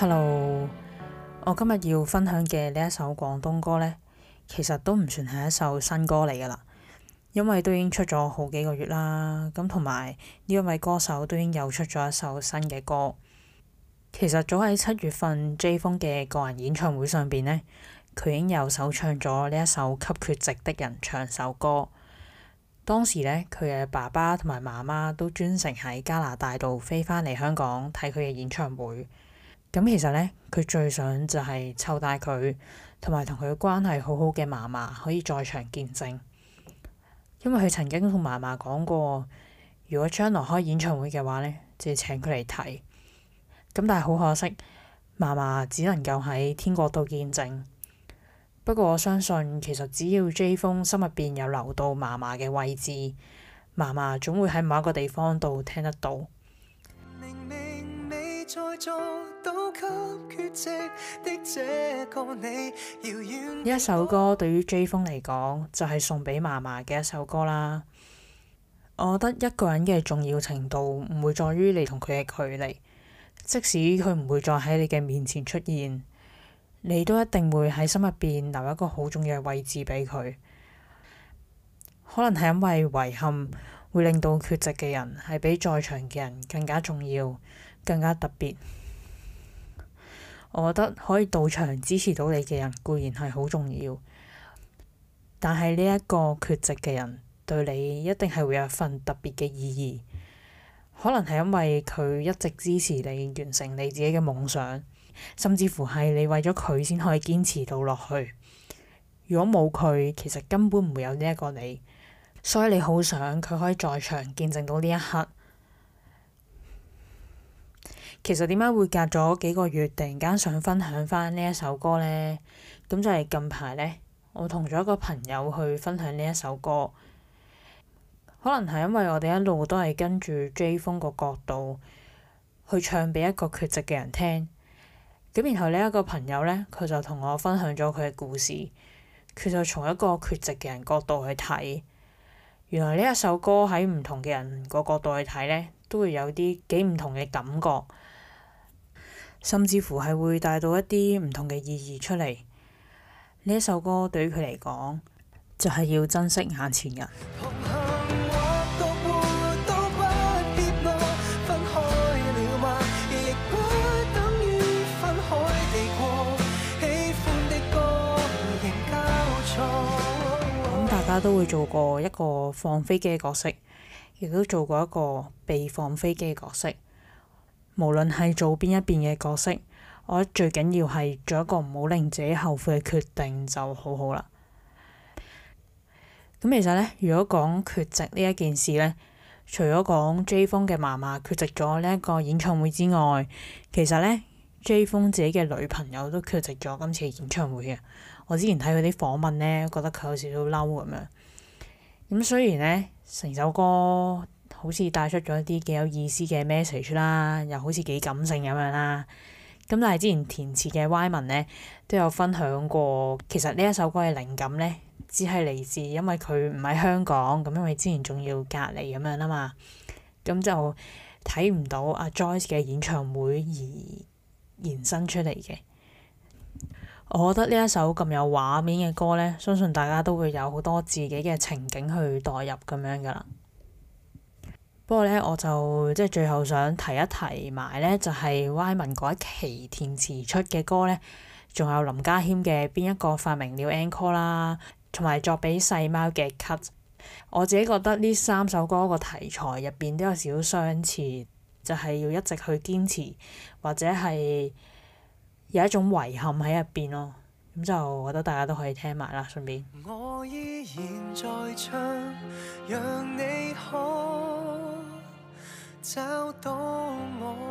Hello，我今日要分享嘅呢一首廣東歌呢，其實都唔算係一首新歌嚟噶啦，因為都已經出咗好幾個月啦。咁同埋呢一位歌手都已經又出咗一首新嘅歌。其實早喺七月份 Jay Fung 嘅個人演唱會上邊呢，佢已經又首唱咗呢一首《給缺席的人唱首歌》。當時呢，佢嘅爸爸同埋媽媽都專程喺加拿大度飛返嚟香港睇佢嘅演唱會。咁其實呢，佢最想就係湊大佢同埋同佢關係好好嘅嫲嫲可以在場見證，因為佢曾經同嫲嫲講過，如果將來開演唱會嘅話呢，就要請佢嚟睇。咁但係好可惜，嫲嫲只能夠喺天國度見證。不過我相信，其實只要 J 風心入邊有留到嫲嫲嘅位置，嫲嫲總會喺某一個地方度聽得到。呢一首歌對於 Jay 峰嚟講，就係、是、送俾麻麻嘅一首歌啦。我覺得一個人嘅重要程度唔會在於你同佢嘅距離，即使佢唔會再喺你嘅面前出現，你都一定會喺心入邊留一個好重要嘅位置俾佢。可能係因為遺憾會令到缺席嘅人係比在場嘅人更加重要，更加特別，我覺得可以到場支持到你嘅人固然係好重要，但係呢一個缺席嘅人對你一定係會有一份特別嘅意義。可能係因為佢一直支持你完成你自己嘅夢想，甚至乎係你為咗佢先可以堅持到落去。如果冇佢，其實根本唔會有呢一個你，所以你好想佢可以在場見證到呢一刻。其實點解會隔咗幾個月，突然間想分享翻呢一首歌呢？咁就係近排呢，我同咗一個朋友去分享呢一首歌。可能係因為我哋一路都係跟住 Jay Fung 個角度去唱俾一個缺席嘅人聽。咁然後呢一個朋友呢，佢就同我分享咗佢嘅故事。佢就從一個缺席嘅人角度去睇，原來呢一首歌喺唔同嘅人個角度去睇呢。都會有啲幾唔同嘅感覺，甚至乎係會帶到一啲唔同嘅意義出嚟。呢一首歌對於佢嚟講，就係、是、要珍惜眼前人。咁、哦哦、大家都會做過一個放飛機嘅角色。亦都做過一個被放飛機嘅角色，無論係做邊一邊嘅角色，我覺得最緊要係做一個唔好令自己後悔嘅決定就好好啦。咁其實呢，如果講缺席呢一件事呢，除咗講 Jay Fung 嘅媽媽缺席咗呢一個演唱會之外，其實呢 Jay Fung 自己嘅女朋友都缺席咗今次嘅演唱會嘅。我之前睇佢啲訪問呢，覺得佢有少少嬲咁樣。咁、嗯、雖然呢，成首歌好似帶出咗一啲幾有意思嘅 message 啦，又好似幾感性咁樣啦。咁但係之前填詞嘅歪文呢，都有分享過，其實呢一首歌嘅靈感呢，只係嚟自，因為佢唔喺香港，咁因為之前仲要隔離咁樣啦嘛，咁就睇唔到阿 Joyce 嘅演唱會而延伸出嚟嘅。我覺得呢一首咁有畫面嘅歌呢，相信大家都會有好多自己嘅情景去代入咁樣噶啦。不過呢，我就即係最後想提一提埋呢，就係 Wyman 嗰一期填詞出嘅歌呢，仲有林家謙嘅邊一個發明了 Encore 啦，同埋作俾細貓嘅 Cut。我自己覺得呢三首歌個題材入邊都有少少相似，就係要一直去堅持或者係。有一種遺憾喺入邊咯，咁就我覺得大家都可以聽埋啦，順便。我我依然在唱，讓你好找到我。